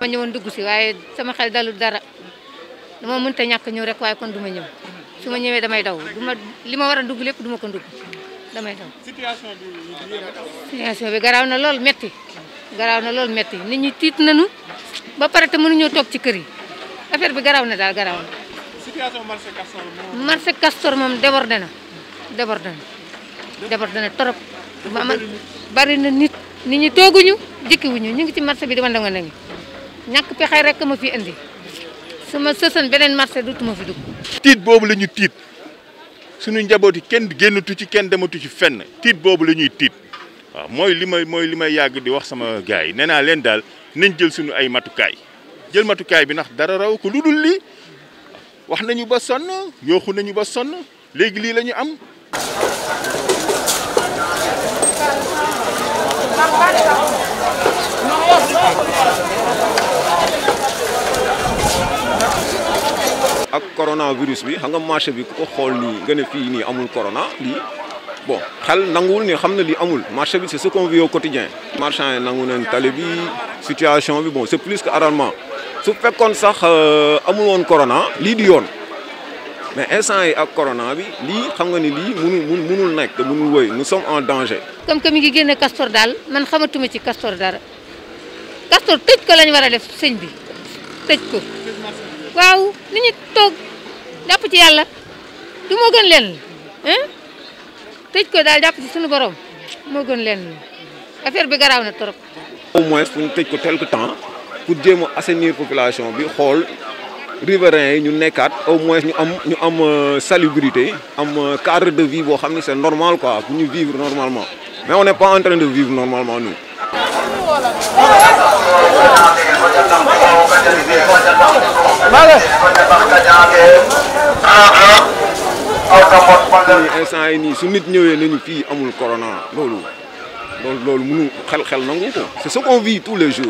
ma ñëwoon dugg si waaye sama xel dalul dara dama te ñàkk ñëw rek waaye kon du ma ñëw suma ma ñëwee damay daw du ma li ma war a dugg lépp damay daw. situation bi situation na lool metti garaaw na lool metti nit ñi tiit nañu ba pare te mënuñoo toog ci kër yi affaire bi garaaw na daal garaaw na. situation marché Castor moom. marché Castor na débordé na na trop. bari nit. nit ñi tooguñu jikkiwuñu ñu ngi ci marché bi di wanda na ne ñàkk pexe rek ma fi indi su ma sësan beneen marché dutuma fi dugg. tiit boobu la ñu tiit suñu njaboot yi kenn génnatu ci kenn dematu ci fenn tiit boobu la ñuy tiit waaw mooy li may mooy li may yàgg di wax sama gars yi nee naa leen daal nañ jël suñu ay matukaay jël matukaay bi ndax dara raw ko lu dul lii wax nañu ba sonn yooxu nañu ba sonn léegi lii la am. ak coronavirus bi xam nga marché bi ku ko xool nii nga ne fii nii amul corona lii bon xel nanguwul nii xam na lii amul marché bi c'est ce qu'on vit au quotidien marchand yi nangu nañ tali bi situation bi bon c'est plus que alarmant su fekkoon sax euh, amul woon corona lii di yoon mais instant yi ak corona bi lii xam nga ni lii munul munul nag te munul wëy nous sommes en danger. comme que mi ngi génne castor daal man xamatuma ci castor dara castor tëj ko lañ war a def sëñ bi tëj ko waaw ni ñu toog jàpp ci yàlla du moo gën leen tëj ko daal jàpp ci suñu borom moo gën leen affaire bi garaaw na trop. au moins pour ñu tëj ko quelque temps pour jéem a assainir population bi xool. riverains nous ñu au moins ñu euh, salubrité am euh, cadre de vie c'est normal quoi pour vivre normalement mais on n'est pas en train de vivre normalement nous. c'est ce qu'on vit tous les jours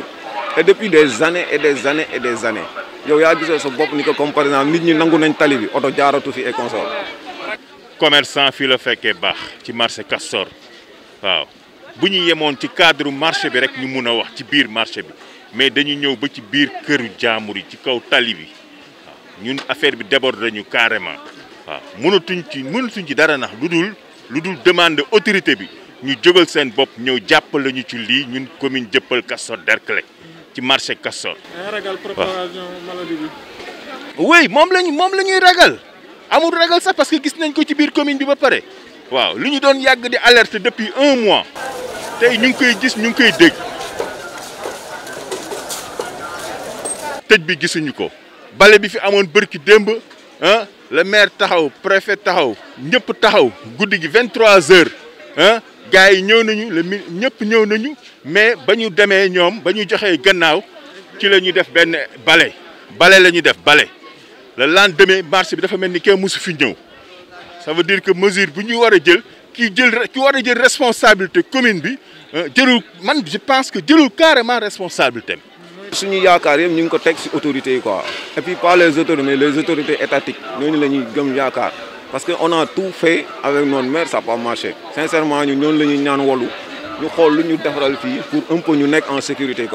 et depuis des années et des années et des années yow yaa gisal sa bopp ni ko comme par exemple nit ñi nangu nañ tali bi oto jaaratu fi et consort commerçant fii la fekkee baax ci marché Castor waaw bu ñu yemoon ci cadre marché bi rek ñu mun a wax ci biir marché bi mais dañu ñëw ba ci biir këru jaamur yi ci kaw tali bi ñun affaire bi déborde nañu carrément waaw mënatuñ ci mënatuñ ci dara nax lu dul lu dul demande autorité bi ñu jógal seen bopp ñëw jàppale ñu ci lii ñun commune jëppal Castor Derklé ci marché Castor. ragal propagation maladie bi. oui moom lañ moom la ñuy ragal amul ragal sax parce que gis nañ ko ci biir commune bi ba pare. waaw lu ñu doon yàgg di alerte depuis un mois tey ñu ngi koy gis ñu ngi koy dégg tëj bi gisuñu ko bale bi fi amoon bërki démb le maire taxaw préfet taxaw ñëpp taxaw guddi gi 23 heures gars yi ñëw nañu le mi ñëpp ñëw nañu mais bañu démé ñom bañu joxé gannaaw ci lañu def ben balai balai lañu def balai le lendemain marché bi dafa melni ké kenn fi ñëw ça veut dire que mesure buñu wara jël ki jël ki wara jël responsabilité commune bi euh, jërul man je pense que jërul carrément responsabilité suñu yaakar yëpp ñu ngi ko tek ci autorité yi quoi et puis pas les autorités mais les autorités étatiques ñooñu la lañuy gëm yaakar parce qu'on a tout fait avec notre mère, ça n'a pas marché sincèrement nous ñoonu nous ñaan nous, ñu pour un peu en sécurité